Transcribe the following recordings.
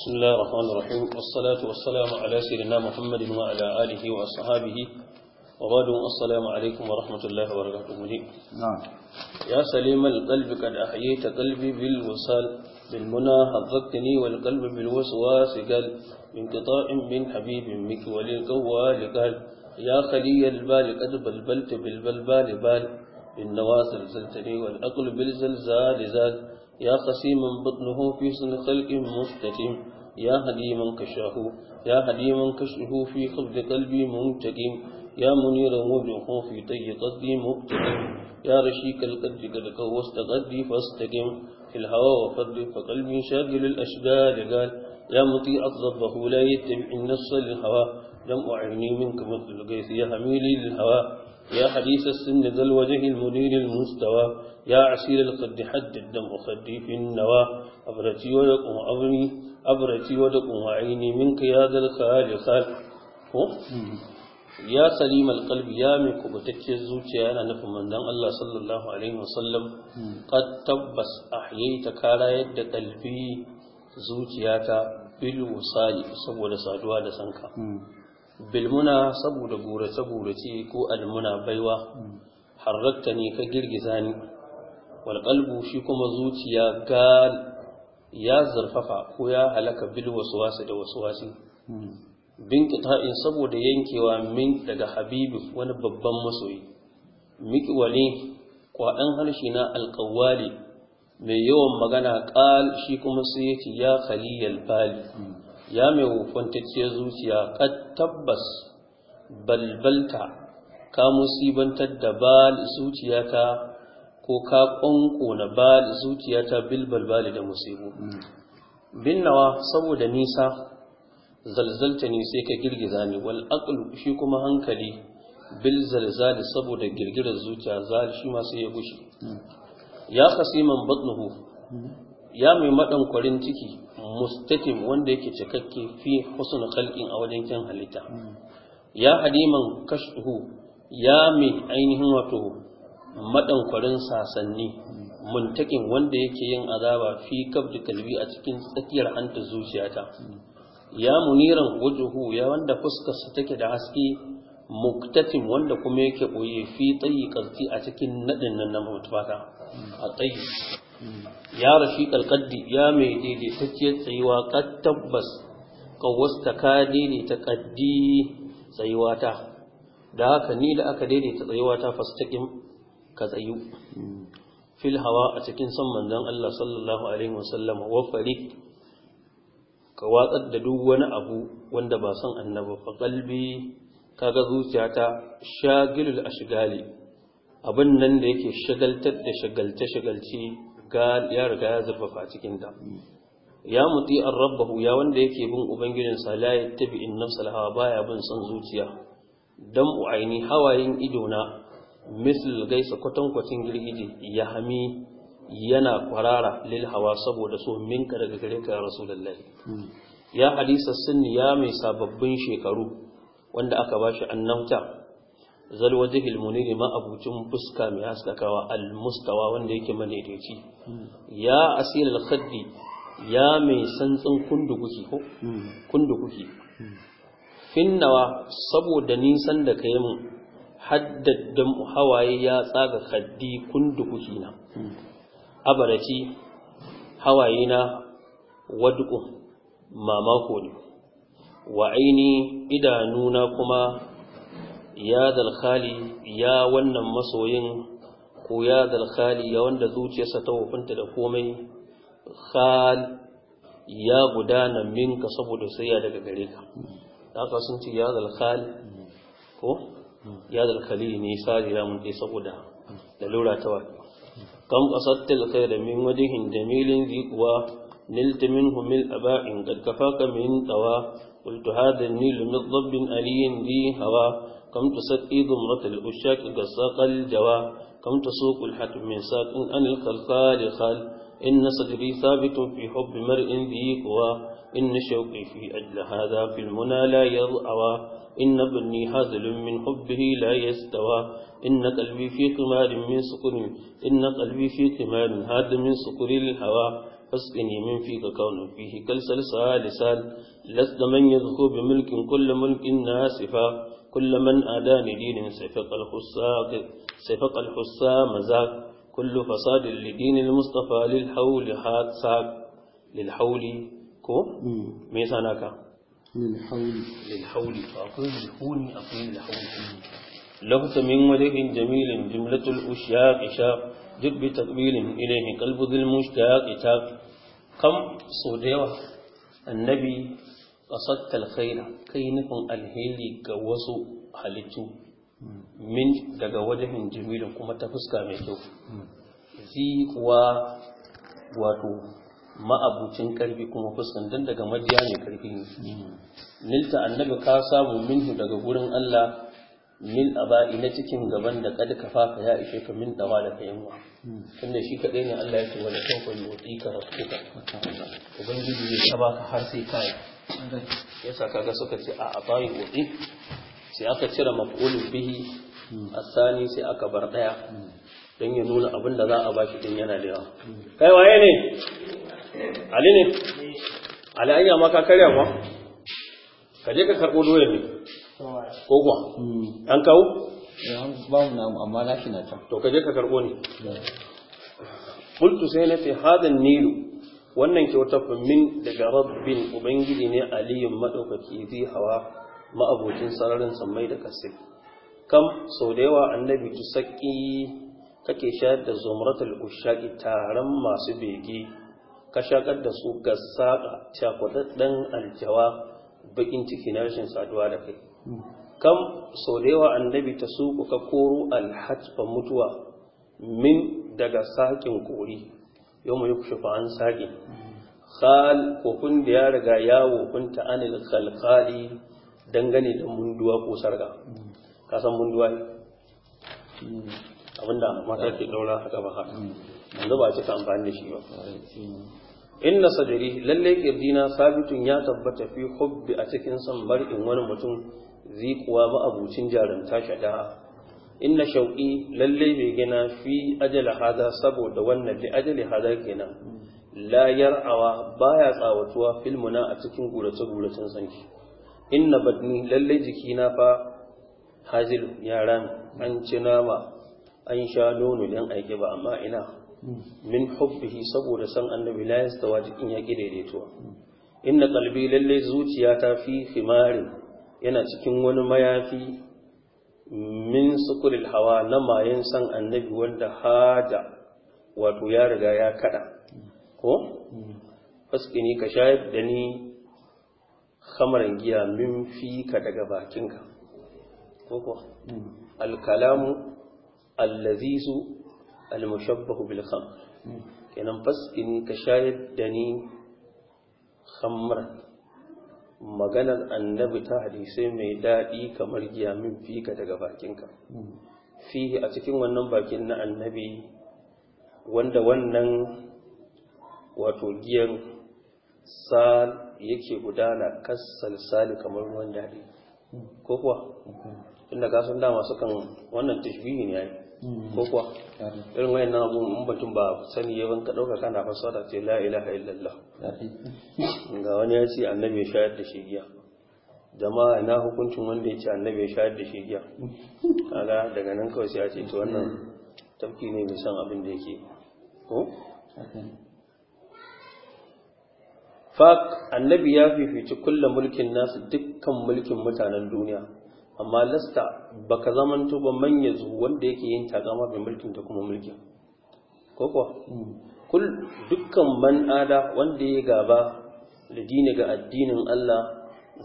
بسم الله الرحمن الرحيم والصلاة والسلام على سيدنا محمد وعلى آله وصحابه وبعد السلام عليكم ورحمة الله وبركاته نعم يا سليم القلب قد أحييت قلبي بالوصال بالمنى حظتني والقلب بالوسواس قال انقطاع من حبيب منك وللقوال قال يا خلي البال قد بلبلت بالبلبال بال بالنواصل زلتني والأقل بالزلزال زال يا خسيما بطنه في سن خلق مستتم يا هديما من كشاه يا هديما كشه في خفض قلبي منتقم يا منير وجهه في طي قدي مبتدم يا رشيك القد قد كوست قدي فاستقم في الهوى وفرد فقلبي شاغل الأشجار قال يا مطيع ربه لا يتبع النص للهوى لم عيني منك مثل قيس يا هميلي للهوى يا حديث السن ذا الوجه المنير المستوى يا عسير القد حد الدم أخدي في النوى أبرتي ودقم أبني أبرتي ودقم عيني منك يا ذا الخال خال يا سليم القلب يا من كبتك الزوجي أنا نفهم من الله صلى الله عليه وسلم قد تبس أحييت كارا يد قلبي زوجياتا بالوصال سبول سادوا لسنك bilmuna saboda gurace-gurace ko almuna بيوة harratta كجرجزاني walƙalbu shi kuma zuciya gal ya zarfafa ko ya halaka bil wasu da wasu hmm. bin kita'in saboda yankewa min daga habibu wani babban masoyi miƙwale kwaɗan harshe na alƙawali mai yawan magana ƙal shi kuma sai ya ce ya khaliyal bali hmm. ya mai wufantacciyar zuciya kad tabbas balbalta ka musibantar da bal zuciyata ko ka ƙonƙona ba zuciyata bilbal bali da musibu binnawa saboda nisa zalzalta ne sai ka girgiza ni wal shi kuma hankali bil zalzali saboda girgirar zuciya zal shi ma sai ya gushi ya khasiman batnuhu ya mai madan kwarin ciki mustatim wanda yake cikakke fi husn khalqin a wajen kyan halitta ya hadiman kashuhu ya mai ainihin wato madankwarin sasanni muntakin wanda yake yin azaba fi kabdi kalbi a cikin tsakiyar hanta zuciyata ya muniran wajuhu ya wanda fuskarsa take da haske muktatin wanda kuma yake boye fi tsayi karti a cikin nadin nan na mutubata a tsayi ya rafi kalkaddi ya mai daidaitacciyar tsayuwa kad tabbas kawasta ka daidaita kaddi tsayuwata da haka ni da aka daidaita tsayuwata fastaƙin ka tsayu fil hawa a cikin son manzon Allah sallallahu alaihi wasallam wa farik ka watsar da duk wani abu wanda ba son annabi fa qalbi kaga zuciyata shagilul ashgali abin nan da yake shagaltar da shagalce shagalci ga ya riga ya zurfafa cikin ta ya muti an rabbahu ya wanda yake bin ubangijinsa la yattabi in nafsal hawa baya bin son zuciya dan uaini hawayen idona misl gaisa kwatankwacin girgije ya hami yana kwarara lil hawa saboda so minka daga gare ka ya rasulullahi hmm. ya hadisa sun ya mai sababbin shekaru wanda aka bashi annabta zal wajhil munir ma abucin fuska mai haskakawa al mustawa wanda yake madaidaici hmm. ya asil al khaddi ya mai santsin kundukuki ko hmm. finnawa saboda nisan da kai mu haddaddan hawaye ya tsaga kaddi kundukuki na abaraci hawaye na wadku mamako ne wa aini idanuna kuma ya dalkhali ya wannan masoyin ko ya dalkhali ya wanda zuciyarsa ta wofinta da komai khal ya gudana minka saboda sai ya daga gare ka ta sun ce ya zalkhal ko ya zarkali ne sari ramun ɗaya saboda lalura ta wani kam kasattil khaira min wajihin jamilin ziquwa nilta minhu mil aba'in qad kafaka min tawa قلت هذا النيل من ضب ألي ذي هوى كم تسقي ضمرة العشاق قساق الجوى كم تسوق الحتم من ساق أن الخلقال خال إن صدري ثابت في حب مرء ذي قوى إن شوقي في أجل هذا في المنى لا يضأوى إن ابني هازل من حبه لا يستوى إن قلبي في قمار من سكر إن قلبي في قمار هاد من سكر الهوى فاسقني من فيك كون فيه كالسلسال لسان لست من يذكو بملك كل ملك ناسفا كل من آداني دين سفق الحسام مزاق كل فساد لدين المصطفى للحول حاد ساق للحول كو ميسا للحول للحول فأقول لحوني أقول لحول لفظ من وجه جميل جملة الأشياء إشاق جد بتقبيل إليه قلب ذي المشتاق إشاق كم صديوة النبي قصدت الخير كي نكون الهيلي كوسو حالتو min daga wajen jimilin kuma ta fuska mai kyau zi hmm. kuwa wato ma'abucin karfi kuma fuskan don daga majiya ne karfi hmm. nilta annabi ka samu minhu daga gurin Allah min aba'i na cikin gaban da kada ka faka ya ishe ka min dawa da yanwa hmm. tunda shi kadai ne Allah ya ce wala tawfa yuti ka ka ubangiji ya saba ka har sai kai yasa kaga suka ce a aba'i yuti sai aka cire maf'ulun bihi a sani sai aka bar daya don ya nuna abin da za a baki din yana da yawa kai waye ne ali ne ali an ma ka karya ma ka je ka karbo doya ne ko kuwa an kawo ba mu na amma na shi na can to ka je ka karbo ne qultu sai na fi hadan nilu wannan kyautar min daga rabbin ubangiji ne aliyun madaukaki zai hawa ma'abocin sararin sammai da kasai kam sau da yawa annabi saƙi kake shayar da zomratul ushaqi taron masu bege ka shakar da su ga saka cakwadaɗɗen aljawa bakin ciki na rashin saduwa da kai kam sau da yawa annabi ta suku ka koro ba mutuwa min daga sakin kori yau mai kushe an saƙi khal kofin da ya riga ya wofinta anil khalkhali dangane da munduwa ko sarga ka san munduwa ne abinda mata ke daura haka ba haka yanzu ba cika amfani da shi ba inna sadari lalle kirdina sabitun ya tabbata fi hubbi a cikin san bar'in wani mutum zikuwa abucin jarumta shada inna shauƙi lalle mai gina fi ajali hada saboda wannan da ajali hada kenan la yar'awa baya tsawatuwa filmuna a cikin gurace-guracen sanki inna badni lalle jikina fa hazil yaran an ci nama an sha nono dan aike ba amma ina min hubbihi saboda san annabi la yastawa jikin ya ki daidaituwa inna qalbi lalle ta fi himari yana cikin wani mayafi min sukulil hawa na mayan san annabi wanda Haja wato ya riga ya kada ko hmm. fasikini ka shayar da ni kamarin giya min ka daga bakinka koko alkalamu allazizu almushabbahu bil khamr kenan in ka shayar da ni khamran maganar annabi ta hadisai mai daɗi kamar giya min ka daga bakinka fihi a cikin wannan bakin na annabi wanda wannan wato giyan sal yake gudana kassal sali kamar ruwan dare ko kuwa inda ka san dama kan wannan tashbihi ne yayi ko kuwa irin wayan nan abun in batun ba sani ya banka dauka kana fasara ce la ilaha illallah ga wani ya ce annabi ya shayar da shi giya jama'a ina hukuncin wanda ya ce annabi ya shayar da shi giya kaga daga nan kawai sai ya ce to wannan tafki ne mai san abin da yake ko faq annabi ya fifici kulla mulkin nasu dukkan mulkin mutanen duniya amma lasta baka zamanto ba manya zu wanda yake yin takama mai mulkin da kuma mulkin ko ko kul dukkan man ada wanda ya gaba da dini ga addinin Allah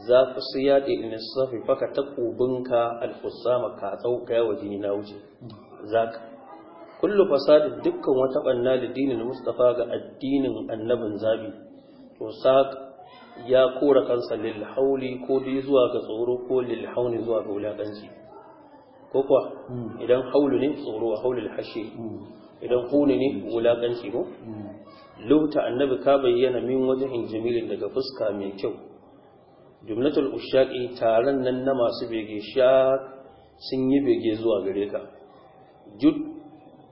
za ku su yaɗe in safi faka al alfusama ka tsauka yawa jini na wuce zaka kullu fasadin dukkan wata ɓanna da dinin mustafa ga addinin annabin zabi to ya kora kansa lil hauli ko dai zuwa ga tsoro ko lil hauni zuwa ga wulakanci ko kuwa hmm. idan haulu ne tsoro wa haulul hashi hmm. idan huni ne wulakanci ko hmm. lauta annabi ka bayyana min wajen jamilin daga fuska mai kyau jumlatul ushaqi taran nan na masu bege sha sun yi bege zuwa gare ka jud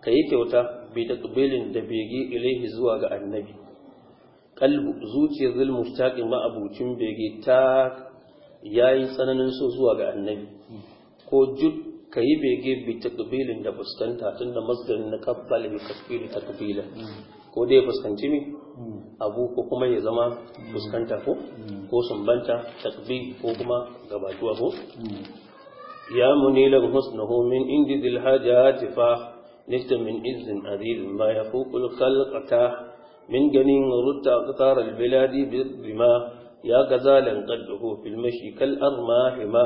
kayi kyauta bi taqbilin da bege ilaihi zuwa ga annabi kalbu zuciyar zil mushtaqin ma abucin bege ta yayi tsananin so zuwa ga annabi ko jud yi bege bi takbilin da fuskanta tunda masdarin na kabbala bi takbilin takbilan ko dai fuskanci mi abu ko kuma ya zama fuskanta ko ko sumbanta takbi ko kuma gabatuwa ko ya munilan husnahu min indi dhil hajati fa nifta min izin adil ma yafuqul khalqata من جنين رد أقطار البلاد بالدماء يا غزالا قده في المشي كالأرماحما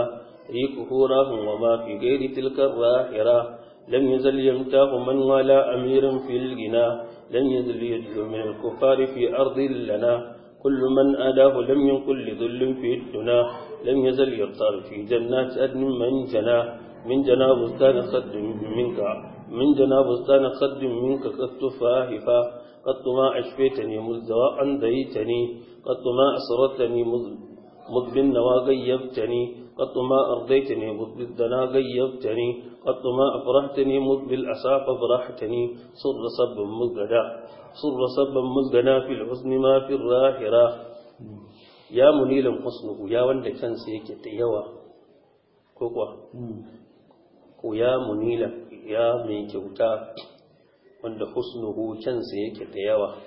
ريقه راه وما في غير تلك الراحرة لم يزل يمتاه من ولا أمير في الغنى لم يزل يدل من الكفار في أرض لنا كل من اداه لم ينقل لذل في الدنا لم يزل يغتال في جنات أدن من جنا من جنا بستان صد منك من جنا بستان صد منك قد قد ما أشفيتني مذ دواء أنديتني قد ما أسرتني مذ بالنوى غيبتني قد ما أرضيتني مذ بالدنا غيبتني قد ما أفرحتني مذ بالأسى فرحتني صر صب مذغدا صر صب مذغدا في الحزن ما في الراحرة يا منيل حسنه يا وند كان سيك تيوا كوكوا ويا منيل يا ميكوتا wanda husnuhu kyansa yake da yawa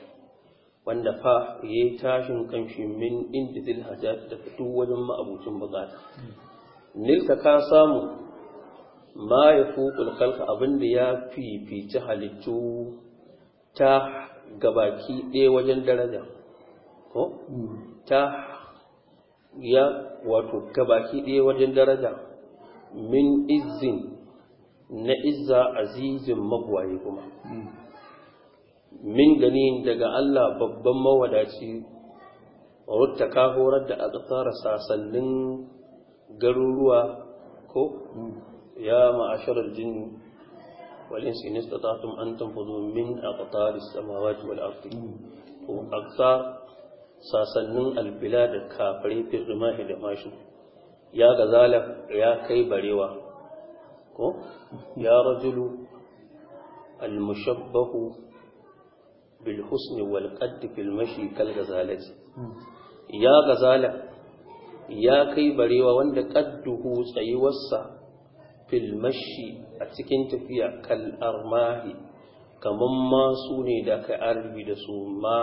wanda fa ya tashin kanshi min inda zil hajjat da duk wajen ma'abucin bukata nilka ka samu ma ya fuƙul kalka abinda ya fifici halittu ta gabaki ɗaya wajen daraja ko ta ya wato gabaki ɗaya wajen daraja min izin na izza azizin magwaye kuma hmm. min gani daga Allah babban mawadaci wata ka horar da aka sasannin garuruwa ko hmm. ya ma'asharar jini walin sinista ta tun an tamfazo min a ƙataris samawaci wal arti hmm. ko aksa sasannin albila da kafare firmahi da mashi ya gazala ya kai barewa ko ya rajulu al-mushabbahu bil husni wal qaddi fil mashi kal gazalati ya gazala ya kai barewa wanda qadduhu tsayuwarsa fil mashi a cikin tafiya kal armahi kaman masu ne da kai arbi da su ma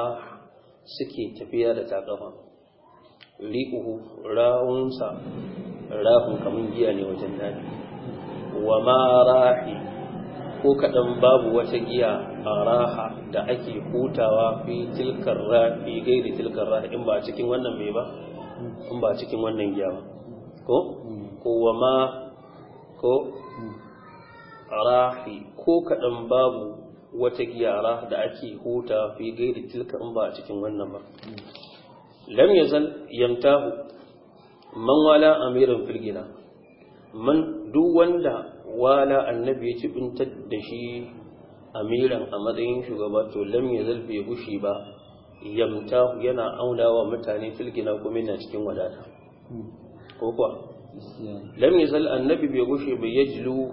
suke tafiya da takafa riƙuhu rawunsa rafin kamar giya ne wajen daɗi wa ma rahi ko kaɗan babu wata giya a raha da ake hutawa fi tilkar rafi gairi tilkar rafi in ba cikin wannan mai ba in ba cikin wannan giya ba ko ko wa ma ko rahi ko kaɗan babu wata raha da ake hutawa fi da tilkar in ba a cikin wannan ba lam yazal yamtahu man wala amirin filgina man duk wanda wala annabi ya ci bintar da shi amiran a matsayin shugaba to lam ya ya gushi ba yamta yana aunawa mutane filgina kuma yana cikin wadata ko kuwa lam ya zal annabi bai gushe bai yajlu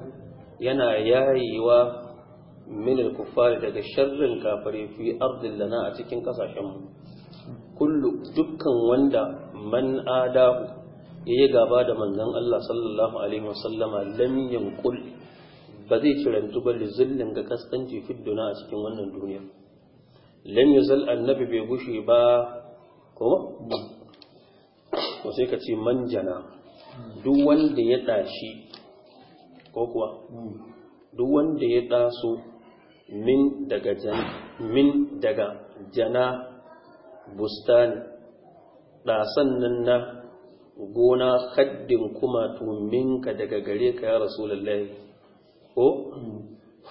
yana yayewa min al daga sharrin kafare fi ardil lana a cikin kasashen mu kullu dukkan wanda man adahu ya yi gaba da manzan Allah sallallahu alaihi wasallama lam kul ba zai cirantu ba da zillin ga kaskanci fiduna a cikin wannan duniya lam yazal annabi bai gushe ba ko ko sai ka ce manjana duk wanda ya dashi ko kuwa duk wanda ya daso min daga jan min daga jana bustani dasan nan na gona haddin kuma minka daga gare ka ya rasulullahi ko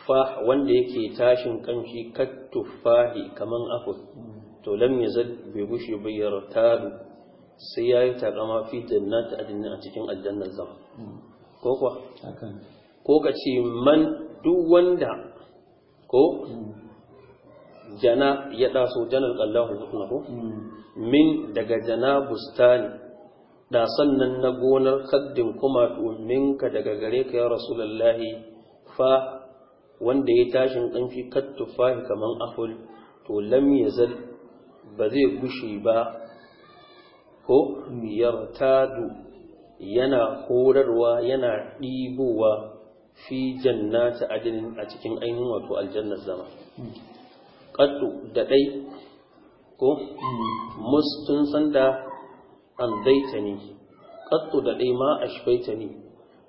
fa wanda yake tashin kanshi kattufahi kaman afu to lam yazad bi bushi bi taru sai ya yi takama fi jannati adnin a cikin aljannar zama ko kwa ko ka ce man duk wanda ko jana ya daso janar kallahu ko mm. min daga jana bustani da sannan na gonar kaddin kuma ka daga gare ka ya rasulallahi fa wanda ya tashin ƙanfi kattufahi kaman aful to lam yazal ba zai gushe ba ko yartadu yana horarwa yana ɗibowa fi jannata adinin a cikin ainihin wato aljannar zama ƙaddu da ɗai ko hmm. mustun sanda An ni, qattu da ɗai ma a ashbaitani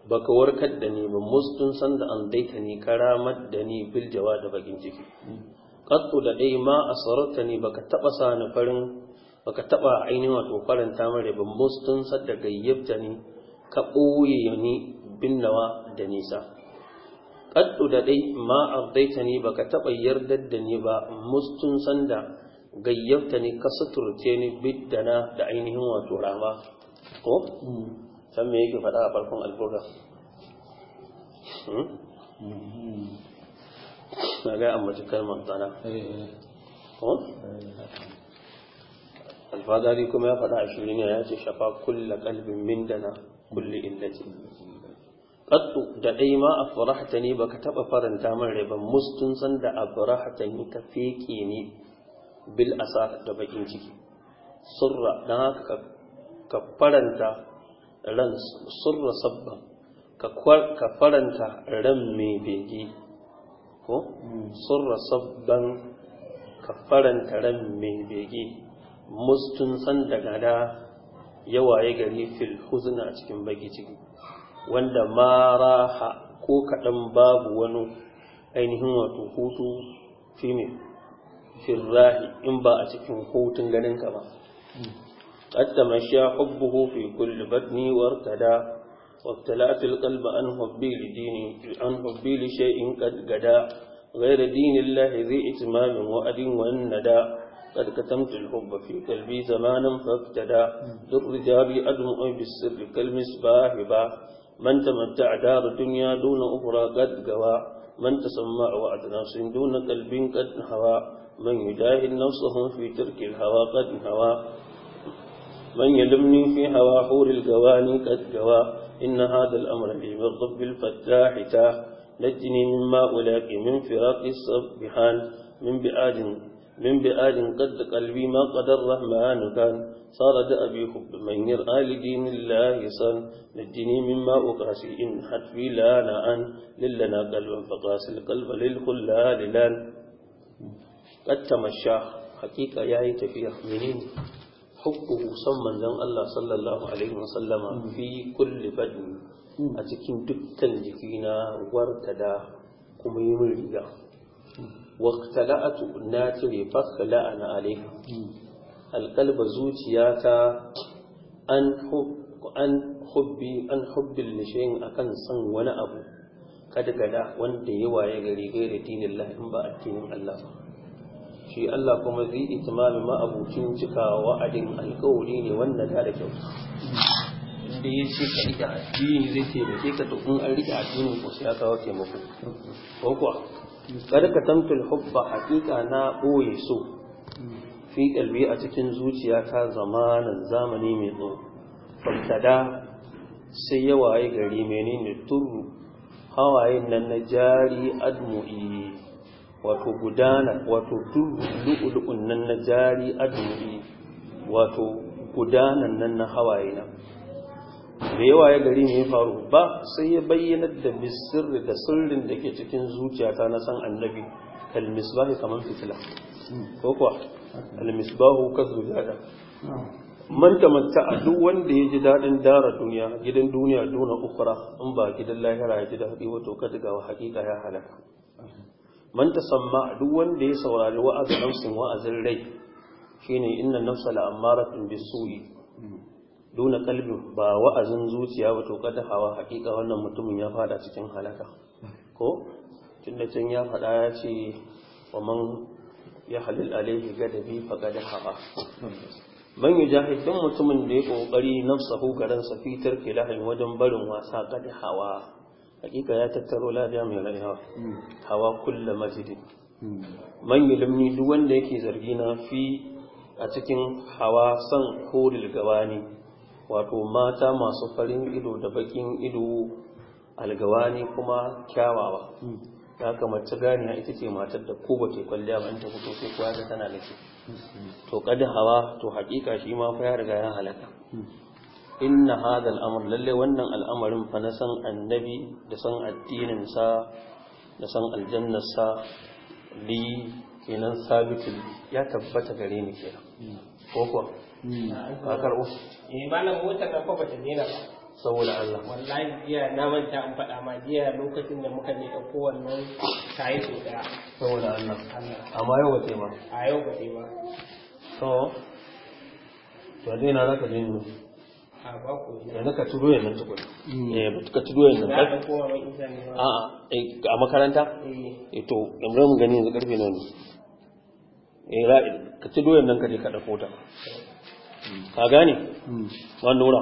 baka warkar da ni ba mustun san da ni karamar da ni bil jawa da bakin ciki qattu da ɗai ma a sarauta ne sani farin baka taba ainihin wato faranta mare ba mustun san da gayyabta ni ka ɓoye ni binnawa da nisa qattu da ɗai ma ardaitani baka taɓa yardar da ni ba mustun san da gayyabta ne ka suturce ni biddana da ainihin wato rama ko mm. san me yake faɗa a farkon alburra hmm? mm-hmm. na ga ambaci kalmar tsana eh, eh. ko alfadari kuma ya faɗa a shirin ya ce shafa kulla kalbin mindana kulli illati qattu da dai ma afrahtani baka taba faranta min rai ba mustun san da afrahtani ka feke ni bil asa da bakin ciki surra dan haka ka faranta ran surra sabban ka faranta ran mai bege ko hmm. surra sabban ka faranta ran mai bege mustun san daga da yawaye gari fil huzna cikin baki ciki wanda maraha ko kaɗan babu wani ainihin wato hutu fi firrahi in ba a cikin hutun ganin ka ba qaddama sha hubbuhu fi kulli batni وابتلعت القلب عن حبي لديني عن حبي لشيء قد غدا غير دين الله ذي إتمام وأد والندى قد كتمت الحب في قلبي زمانا فابتدى در رجابي أدمع بالسر كالمصباح با من تمتع دار الدنيا دون أخرى قد قوى من تسمع ناس دون قلب قد هوى من يجاهد نفسه في ترك الهوى قد هوى من يلمني في هوى حور الجواني قد جوى إن هذا الأمر لي من رب الفتاح تاه نجني مما أولاك من فراق الصبحان من بعاد من بعاد قد قلبي ما قد الرحمن كان صار دأبي حب من يرآ لدين الله صن نجني مما أقاسي إن حتفي لا نعن للنا قلبا فقاسي القلب للخلال لان qattama sha ya yayi tafiya menene hukku san manzon Allah sallallahu alaihi wasallama fi kulli badni a cikin dukkan jikina wartada kuma yi min riga waqtala'atu na tire fakhla'ana alaihi alqalba zuciyata an an hubbi an hubbin lishayin akan san wani abu kada gada wanda ya waye gari da dinin Allah in ba addinin Allah ba shi Allah kuma zai itimami ma'abucin cika wa'adin alkawari ne wannan da da kyau da ya ce ka rike addini zai taimake ka to in an rike addini ko sai aka kawo taimako ko kuwa kada ka tamtul hubba haƙiƙa na ɓoye so fi kalbi a cikin zuciya ta zamanin zamani mai tsawo fatada sai ya waye gari menene turu hawayen nan na jari admu'i wato gudana wato lu'ulu'un nan na jari aduri wato gudanan nan na hawaye na da yawa ya gari ne ya faru ba sai ya bayyana da misirri da sirrin da ke cikin zuciyata na san annabi kalmisbahi kamar fitila ko kuwa almisbahu ka zuciyata? man a duk wanda ya ji daɗin dara duniya gidan duniya duna ukura in ba gidan lahira ya ji daɗi wato ka daga hakika ya halaka man samma duk wanda ya saurari wa'azin nafsin wa'azin rai shine inna nafsa la'amaratun bisu'i duna kalbin ba wa'azin zuciya ba to kada hawa hakika wannan mutumin ya fada cikin halaka ko tun da can ya fada ya ce wa man ya halil alaihi bi fa gada hawa man yujahid mutumin da ya kokari nafsa hukaransa fitar fitar kilahin wajen barin wasa gada hawa hakika ya tattaro lada mai laiha hmm. hawa kulla masjidin hmm. man yulimni duk wanda yake zargi na fi a cikin hawa san horil gawani wato mata masu farin ido da bakin ido algawani kuma kyawawa ta hmm. kamata gani ita ce matar da ko ba ke kwalliya ba ta fito sai kuwa tana nake to kada hawa to hakika shi ma fa ya riga ya halaka inna hadha al'amur, lalle wannan al'amarin fa na san annabi da san addinin sa da san aljannar sa li kenan sabitul ya tabbata gare ni kenan ko ko hmm. ka karbo eh malam mota ka ko ba ta ba saboda Allah wallahi jiya na manta an faɗa ma jiya lokacin da muka ne ɗauko wannan tayi so daya saboda Allah amma yau wace ma a yau wace ma to to dai na zaka dai ne ka turo yanzu tukun eh ka turo a eh, a makaranta eh. eh to yanzu mun gani yanzu karfe nawa ne eh ra ka turo yanzu ka je ka dauko ta ka gane hmm. wannan nura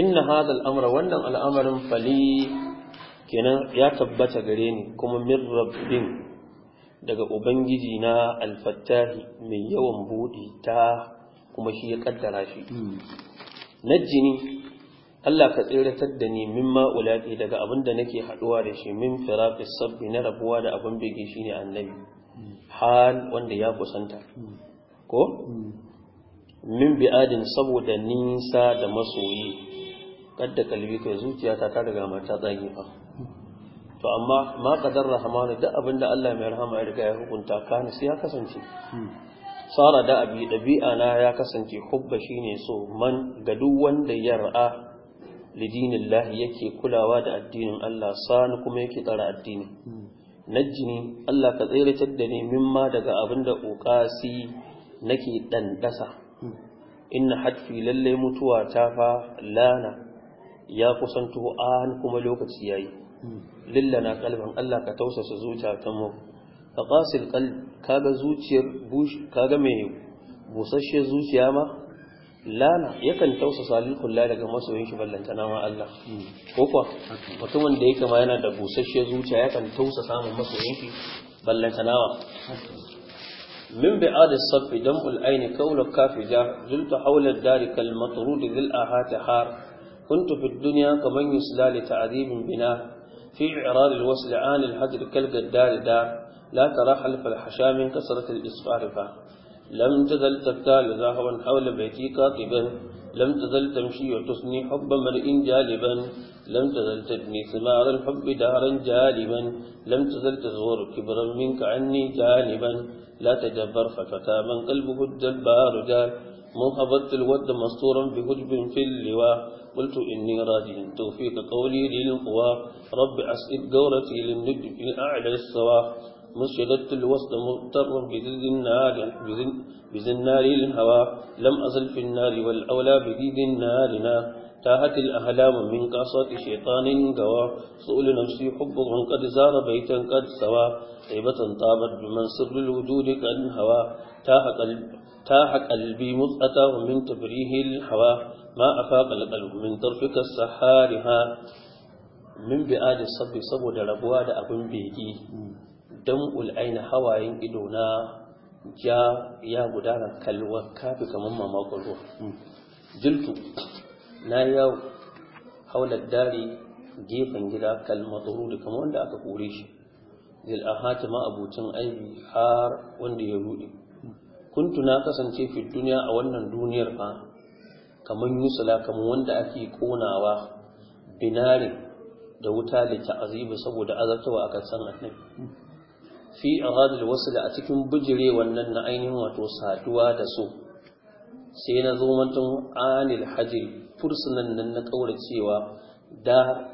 inna hadha al wannan al'amarin fali kenan ya tabbata gare ni kuma min rabbin daga ubangiji na alfattahi mai yawan buɗe ta kuma shi ya kaddara shi hmm. najjini Allah ka tseratar da ni min maulaki daga abin da nake haɗuwa da shi min firafi sabbi na rabuwa da abin bege shi ne annabi hal wanda ya kusanta ko min bi'adin saboda nisa da masoyi kadda kalbi kai zuciyata ta riga ma ta tsage fa to amma ma kadar rahmanu duk abinda Allah mai rahama ya riga ya hukunta kana sai ya kasance Tsara da abi ɗabi'a na ya kasance hubba shine so man ga duk wanda ya ra'a lidinillahi yake kulawa da addinin Allah sani kuma yake tsara addini jini Allah ka tsiratar da ni ma daga abin da ƙoƙasi nake ɗanɗasa inna hadfi lallai mutuwa ta fa lana ya kusanto an kuma lokaci yayi lillana kalban Allah ka tausasa zuciya ta mu ka qasil qalb kaga zuciyar bush kaga zuciya ma lana yakan tausasa lil daga masoyin shi ballanta Allah ko kuwa mutumin da ya ma yana da busasshen zuciya yakan tausasa mu masoyin shi ballanta nawa من بعاد الصف دمع العين كول كافجة زلت حول الدار كالمطرود ذي الآهات حار كنت في الدنيا كمن يسلى لتعذيب بنا في إعراض الوصل عن الهدر كالقدار da. لا ترى حلف الحشا من كسرة الإصفارفة لم تزل تبتال زهوا حول بيتي كاطبا لم تزل تمشي وتصني حب مرئ جالبا لم تزل تبني ثمار الحب دارا جالبا لم تزل تزور كبرا منك عني جانبا لا تجبر ففتى من قلبه الجبار جال منهبت الود مستورا بهجب في اللواء قلت إني راجي توفيق قولي للقوى رب أسئل قولتي للنجم الأعلى الصواب مسجدت الوسط مضطر بذل النار بذل النار الهوى لم أزل في النار والأولى بذل النار تاهت الأهلام من قصة شيطان قوى سؤل نفسي حب قد زار بيتا قد سوى طيبة طابت بمن سر الوجود قد هوى تاه قلب تاح قلبي مضأة ومن تبريه الحوى ما أفاق القلب من طرفك السحارها min bi'a da sabbi saboda rabuwa da abin bege dam'ul aina hawayen ido na ja ya gudana kalwar kafi kamar mamakon ruwa hmm. jiltu na yau haular dare gefen gida kalmatsoro da kamar wanda aka kore shi zil ahati ma abucin aibi har wanda ya rude kuntu na kasance fi duniya a wannan duniyar fa kamar yusula kamar wanda ake konawa binari da wuta da ta'azibu saboda azartawa kan san annabi fi wasu da a cikin bujire wannan na ainihin wato saduwa da su. sai na zo mantan anil hajir fursunan nan na kaura cewa da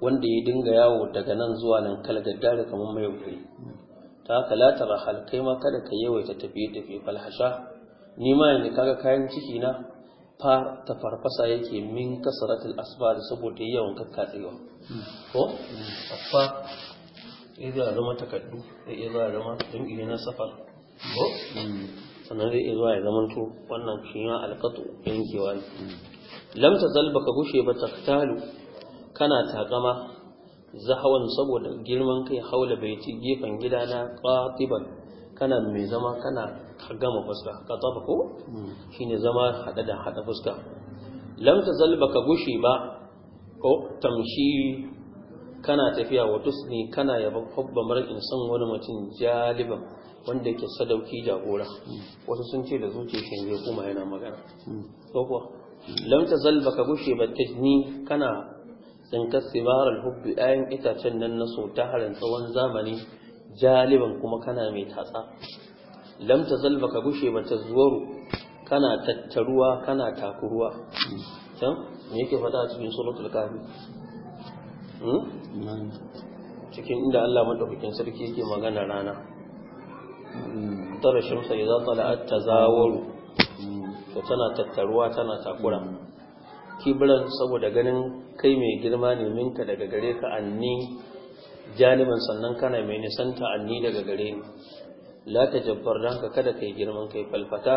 wanda ya dinga yawo daga nan zuwa nan kalgadda da kamar mai wuri ta haka la tarahal kai ma kada ka yawaita tafiye tafiye falhasha ni ma yanzu kaga kayan ciki na fa ta farfasa yake min kasaratul asbar saboda yawan kakkatsewa ko fa sai zai zama takardu zai iya zuwa zama jam'i na safar ko sannan zai iya zuwa ya zama to wannan shi ma alqatu yankewa ne lamta zalba ka gushe ba taktalu kana takama zahawan saboda girman kai haula baiti gefen gidana qatiban kana mai zama kana gama fuska ka tsaba ko shine zama hada da hada fuska lamta zalba ka gushe ba ko tamshi kana tafiya wa tusni kana yaban hubba in san wani mutum jaliban wanda ke sadauki jagora wasu sun ce da zuciya kan ne kuma yana magana ko kuwa lam tazal ka gushe ba tajni kana tsinkar sibarar hubbi ayan itacen nan na so ta harin tsawon zamani jaliban kuma kana mai tatsa lam zalba ka gushe ba tazwaru kana tattaruwa kana takuruwa can me yake fada cikin suratul kahfi Hmm? cikin inda Allah madaukakin sarki yake magana rana tara hmm. shamsa idza ta zawaru hmm. to tana tattaruwa tana takura kibran saboda ganin kai mai girma ne minka daga gare ka anni janiban sannan kana mai nisanta anni daga gare ni la jabbar dan haka kada kai girman kai falfata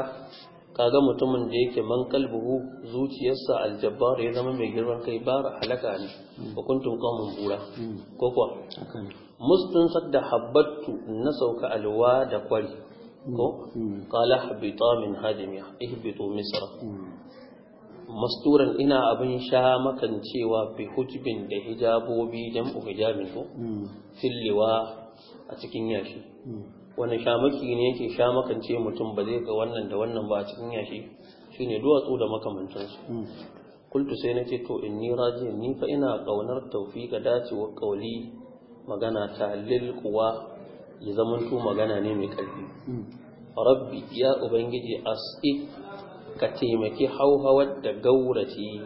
kaga mutumin da yake man kalbuhu zuciyarsa aljabbar ya zama mai girman kai bara halaka ne hukuntun hmm. qaumun bura hmm. ko kuwa mustun sadda habbattu na sauka alwa da kwari hmm. ko qala habita min hadimiya ihbitu misra masturan ina abin sha makan cewa fi hujbin da hijabobi jam'u hijabin ko filliwa a cikin yashi wani shamaki ne yake shamakance mutum ba zai ga wannan da wannan ba a cikin yashi shine duwatsu da makamantansu mm. kultu sai na ce to in ni raji ni fa ina kaunar dace dacewa kauli magana ta lil kuwa ya zamanto magana ne mai karfi mm. rabbi ya ubangiji as'i ka taimaki hauhawar da gaurati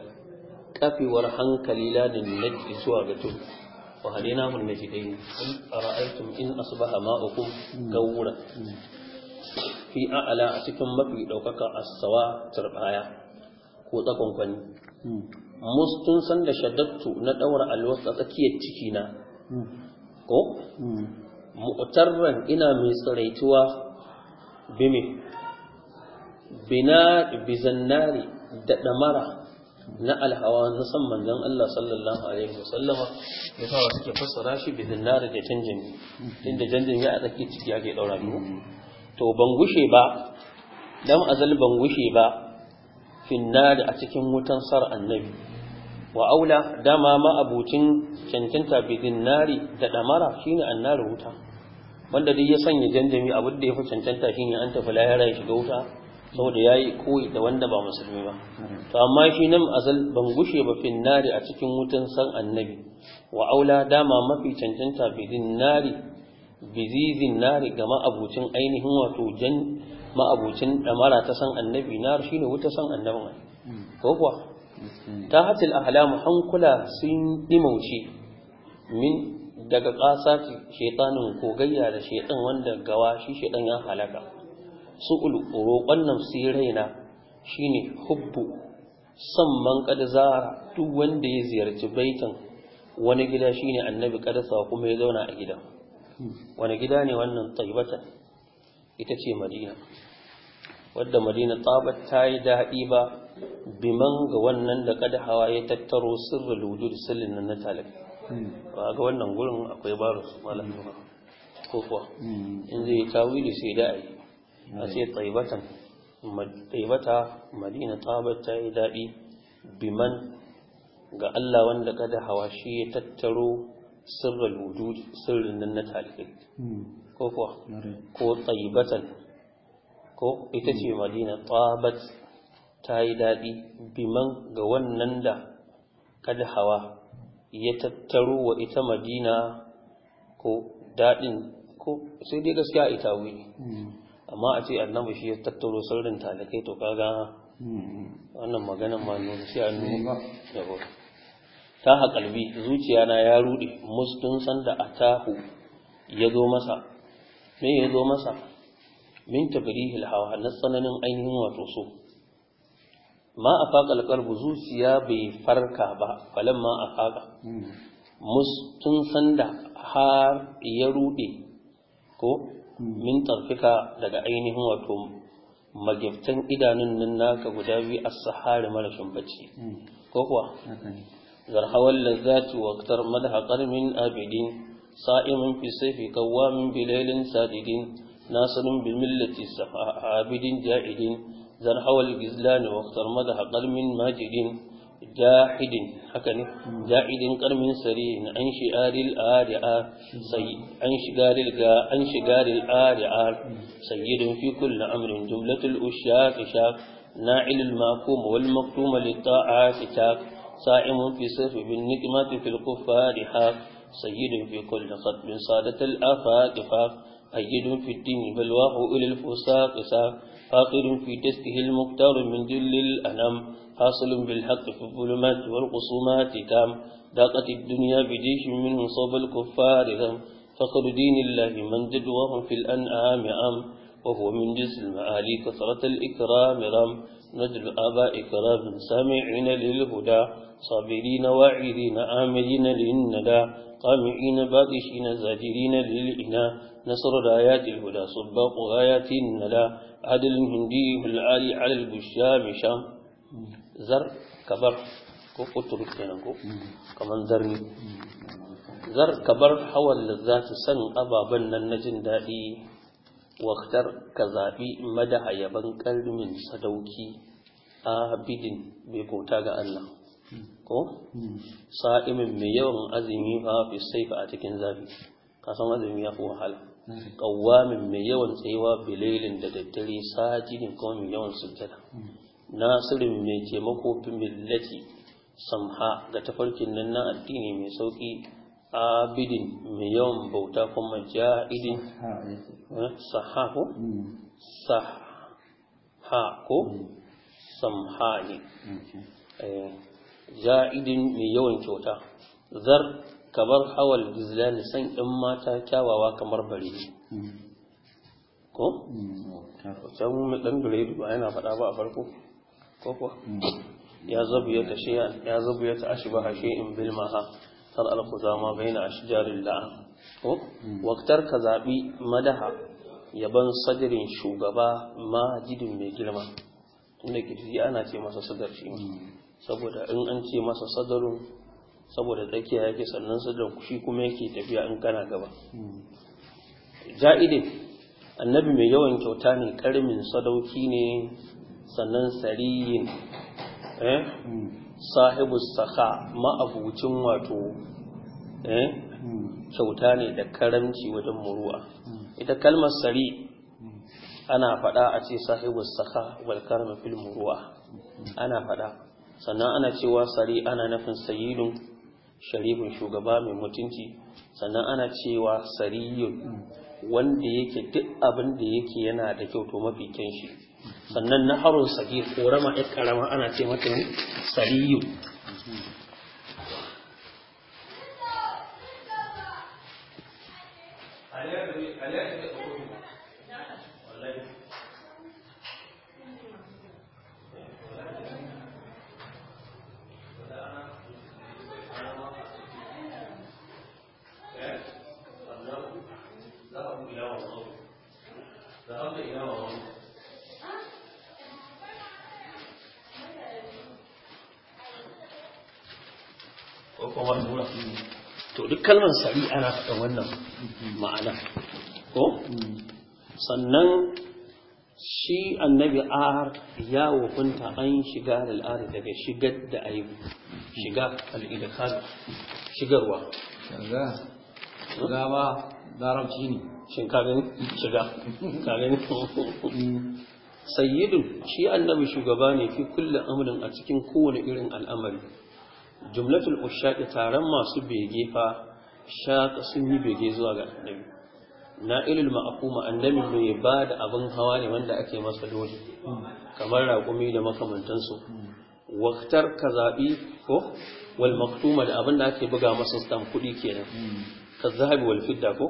kafiwar hankali lanin nake zuwa ga to وهديناه النجدين قل أرأيتم إن أصبح ماؤكم غورا في أعلى أتكم مفي دوكك السوا تربايا كوتكم كن mustun san da shaddattu na daura alwasa tsakiyar ciki na. mu'tarran ina mai tsiraituwa bime bina da damara na alhawa na san manzon Allah sallallahu alaihi wa wasallama ya sa suke fassara shi bi zinnar da canjin inda canjin ya a tsaki ciki ake daura biyu. to ban gushe ba dan azal ban gushe ba finnar a cikin wutan sar annabi wa aula dama ma abucin cancanta bi zinnari da damara shine annar wuta wanda duk ya sanya janjami abin da ya fi cancanta shine an tafi lahira ya shiga wuta saboda yayi koyi da wanda ba musulmi ba mm. to amma shi nan azal ban gushe ba fin nari a cikin wutan san annabi wa aula dama mafi cancanta bidin nari bizizin nari ga ma'abucin ainihin wato jan ma'abucin damara ta san annabi nar ne wuta san annabin mm. ko kuwa mm. ta hatil ahlam hankula sun dimauce min daga ƙasa shaitanin kogayya da shaitan wanda gawa shi shaitan ya halaka su'ul roƙon nan sai raina shine hubbu san man zara duk wanda ya ziyarci baitan, wani gida shine annabi kada sa kuma ya zauna a gidan wani gida ne wannan taibata ita ce madina wadda madina tsabar ta yi daɗi ba biman ga wannan da kada hawa ya tattaro sirrin ludu sallin nan na talib ba ga wannan gurin akwai barus su malam ko kuwa hmm. in zai tawili sai da a ce tsaibatan tsaibata madina ta yi daɗi biman ga Allah wanda kada hawa shi ya tattaro sirrin nan na talibai ko kuwa ko tsaibatan ko ita ce madina tsabat ta yi daɗi biman ga wannan da kada hawa ya tattaro wa ita madina ko daɗin ko sai dai gaskiya ita wuri amma a ce annabi shi ya tattaro sirrin talakai to kaga wannan maganan ma ne shi an nuna yabo ta haƙalbi zuciya na ya rude mustun sanda atahu ya zo masa me ya zo masa min tabrihil hawa na tsananin ainihin wato so ma a faƙa alƙalbu zuciya bai farka ba falan ma a faƙa hmm. mustun sanda har ya rude ko min tarfika daga ainihin wato magiftan idanun nan naka guda biyu a sahari marashin bacci hmm. ko kuwa zarhawar lazzati waktar madhaƙar min abidin sa'imin fi saifi bi bilailin sadidin nasirin bi millati abidin ja'idin zarhawar gizlani waktar madhaƙar min majidin jahidin haka ne za'idin karmin sari na an shi'aril ari'a sai an shigaril ga an shigaril ari'a sayyidun fi kulli amrin jumlatul ushaq shaq na'il al maqum wal maqtum lit ta'at shaq sa'imun fi sirri bin nikmati fil kufari haq sayyidun fi kulli khatbin sadatul afaq faq أيد في الدين بل واقع إلى الفساق ساق فاقد في تسته المختار من ذل الأنام حاصل بالحق في الظلمات والقصومات تام داقت الدنيا بجيش منه صوب الكفار هم فخر دين الله من جدوهم في الأنعام عام وهو من جنس المعالي كثرة الإكرام رم نجل آباء إكرام سامعين للهدى صابرين واعرين آمرين للندى قامعين باطشين زاجرين للإناء نصر رايات الهدى صباق غايات الندى عدل هندي العالي على البشام شام zar kabar ko kutur kenan ko mm. kamar ne? zar kabar hawan lazzatu san ababen nan na jin daɗi waktar ka zaɓi madahayaban yaban ƙalmin sadauki bidin mai kota ga Allah ko mm. sa'imin mai yawan azumi ba fi saifa a cikin zafi kasan azumi ya fi wahala ƙawwamin mm. mai yawan tsayuwa bilailin da daddare jini kuma mai yawan sujjada nasirin mai taimako fi millati samha ga tafarkin nan na addini mai sauki abidin mai yawan bauta kuma ja'idin Saha ko hmm. hmm. samha ne, eh, ja'idin mai yawan kyauta zar kamar hawal gizlani san ɗin mata kyawawa kamar bare hmm. ko? can ɗan gure ba yana faɗa ba a farko ya zabu ya tashi ya zabu in bil maha tar al qudama baina ashjaril jarin ko waktar ka zabi madaha yaban sadrin shugaba majidin mai girma tunda kirji ana ce masa sadar shi saboda in an ce masa sadarun saboda tsakiya yake sannan sadar shi kuma yake tafiya in kana gaba ja'idin annabi mai yawan kyauta ne karmin sadauki ne sannan sariyin eh, sahibu saka ma'abucin wato eh, kyauta ne da karamci wajen muruwa ita kalmar sari ana faɗa a ce sahibu saka wal karama fil muruwa ana faɗa sannan ana cewa sari ana nufin sayidun sharifin shugaba mai mutunci sannan ana cewa sariyun wanda yake duk abin da yake yana da kyau to mafi kyan shi sannan na haron sagi korama ya karama ana ce mata sariyu ذهبت إلى وضوء kowa nura to duk kalmar sari ana faɗa wannan ma'ana ko sannan shi annabi ar ya hukunta an shiga al'ar daga shigar da aibu shiga al'idakar shigarwa shiga shiga ba larabci ne shinkafin shiga kagani sayyidun shi annabi shugaba ne fi kulle amurin a cikin kowane irin al'amari jumlatul ushaq taron masu bege fa shaqa sun yi bege zuwa ga annabi na'ilul ma'quma annabi mai ba da abin hawa ne wanda ake masa dole kamar raƙumi da makamantansu waktar ka zaɓi ko wal maktuma da abin da ake buga masa stam kuɗi kenan ka zahabi wal fidda ko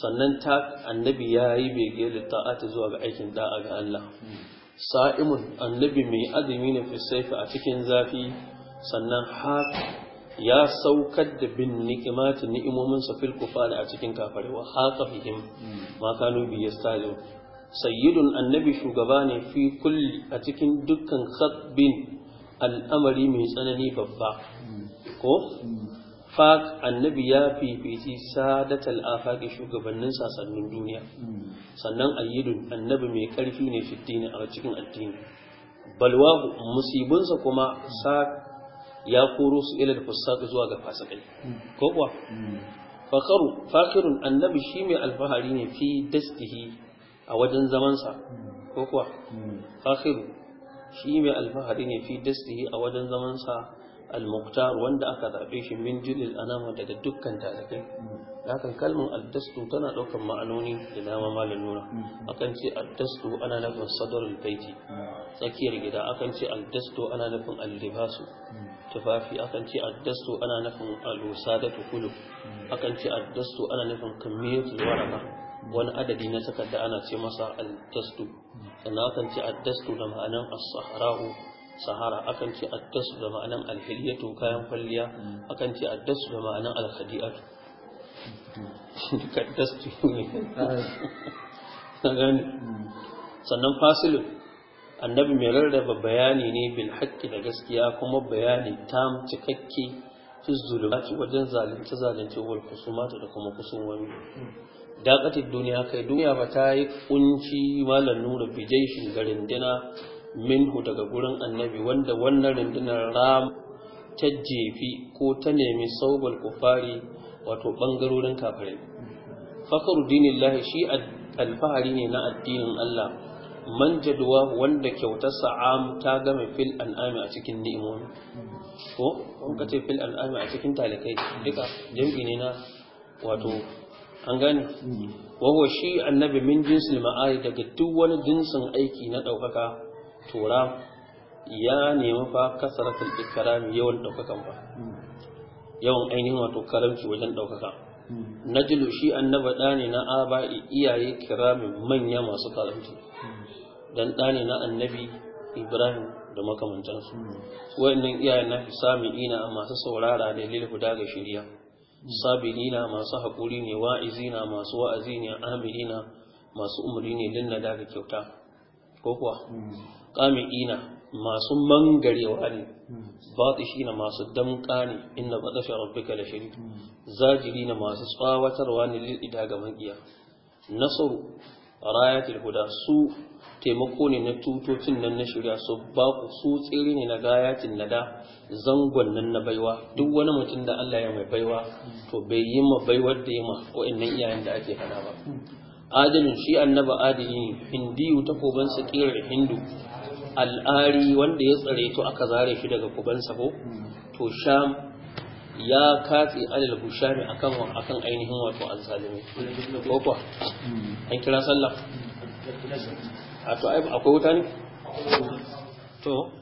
sannan ta annabi ya yi bege da ta'ata zuwa ga aikin da'a ga Allah sa'imun annabi mai azumi ne fi saifi a cikin zafi sannan har ya saukar da bin ni'imati ni'imomin sa fil kufari a cikin kafare wa haqa bihim ma kanu bi yastajib sayyidun annabi shugaba ne fi kulli a cikin dukkan khatbin al'amari mai tsanani babba ko faq annabi ya fifici sadatal afaqi shugabannin sasannin duniya sannan ayyidun annabi mai karfi ne fiddini a cikin addini balwahu musibinsa kuma sa ya koro su ila da fasaq zuwa ga fasakai ko kuwa fakaru fakirun annabi shi mai alfahari ne fi dastihi a wajen zamansa ko kuwa fakiru shi mai alfahari ne fi dastihi a wajen zamansa al-muqtar wanda aka zabe shi min julil anama daga dukkan talakai hakan kalmar addastu tana ɗaukar ma'anoni da dama malin nuna akan ce addastu ana nufin sadarul baiti tsakiyar gida akan ce addastu ana nufin allibasu tufafi akan ce addasu ana nufin alusa da tukulu akan ce addasu ana nufin kamiyatu waraka wani adadi na takarda ana ce masa addastu sannan akan ce addastu da ma'anan as-sahra'u sahara akan ce addasu da ma'anan alhiliyatu kayan kwalliya akan ce addasu da ma'anan alhadi'atu duka addastu ne sannan fasilin. annabi mai rarraba bayani ne bil haƙƙi da gaskiya kuma bayani tam cikakke fi zulumati wajen zalunce zalunce wal kusumata da kuma kusumomi Dakatar duniya kai duniya ba ta yi kunci malam nura bijai shi ga rindina minhu daga gurin annabi wanda wannan rindinar ram ta jefi ko ta nemi saubal kufari wato bangarorin kafirai fakaru dinin shi alfahari ne na addinin Allah man jadwa wanda kyautar sa'am ta gama fil an'ami a cikin ni'imomi ko an ka ce fil an'ami a cikin talakai? duka jam'i ne na wato an gane wawa shi annabi min jinsin ma'ari daga duk wani jinsin aiki na ɗaukaka tura ya nemi fa kasaratul ikram yawan ɗaukakan fa yawan ainihin wato karamci wajen ɗaukaka najilu shi annaba ɗa ne na aba'i iyaye kiramin manya masu karamci dan ɗane na annabi ibrahim da makamantansu wayannan iyayen na sami sami'ina masu saurara da lil huda ga shirya na masu haƙuri ne na masu wa'azi ne na masu umri ne dinna ga kyauta ko kuwa ina masu mangarewa ne na masu damƙa ne inna batasha da shiri. Zajiri na masu tsawatarwa ne lil ga nasaru rayatul huda su taimako ne na tutocin nan na shirya su ba ku su tsiri ne na gayatin na da zangon nan na baiwa duk wani mutum da Allah ya mai baiwa to bai yi ma baiwar da ya ma nan iyayen da ake hana ba adalin shi annaba adali hindiyu ta koban sa kirar hindu al'ari wanda ya tsare to aka zare shi daga sa ko to sham ya katse alal bushari akan akan ainihin wato azzalimi ko ko an kira sallah to ai akwai wuta ne to